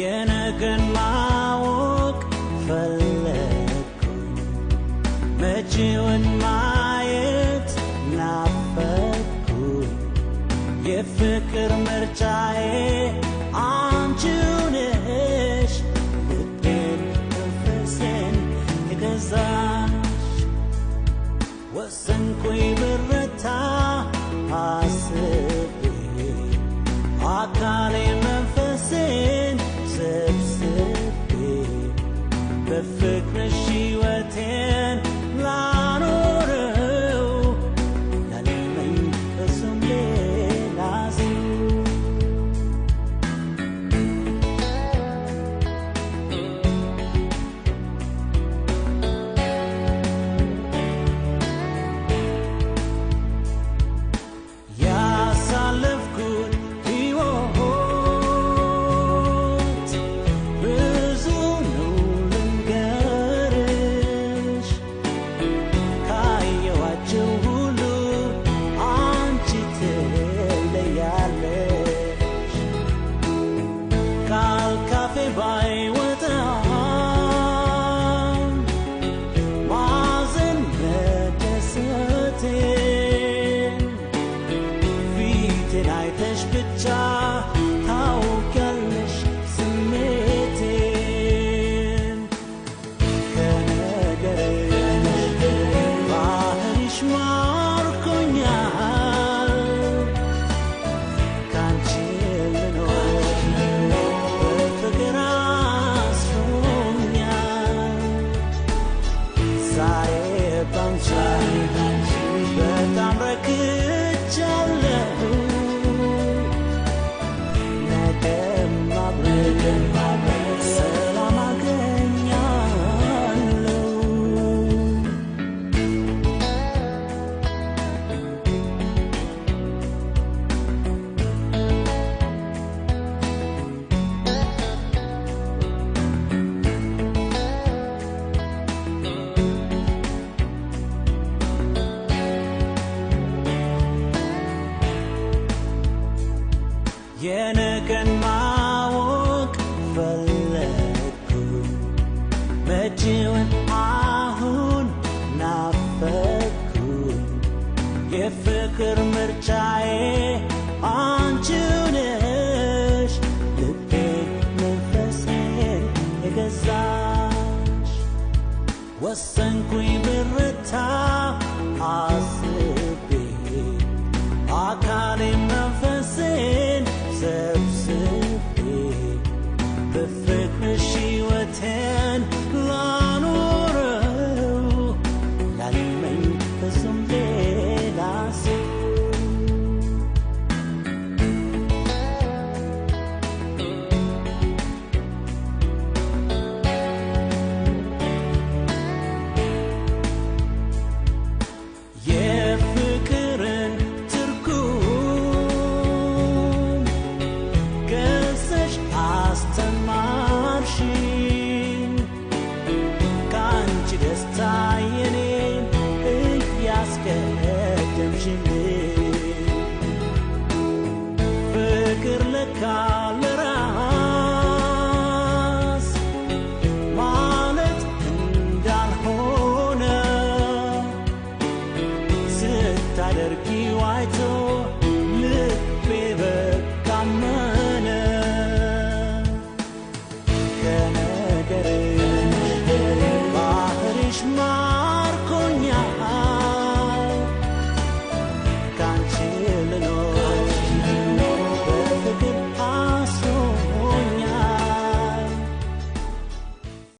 የነገን ማወቅ ፈለግኩ መቼውን ማየት ናፈኩ የፍቅር ምርጫዬ አንቺው ነሽ kalkan ใจตั้งใจแต่ตาม የነገን ማወቅ ፈለግኩ መጪውን አሁን ናፈኩ የፍቅር ምርጫዬ አንቺው ነሽ ልቤ መንፈሴን የገዛሽ ወሰንኩኝ ብርታ አስቤ አካሌም cerchi white. Oh.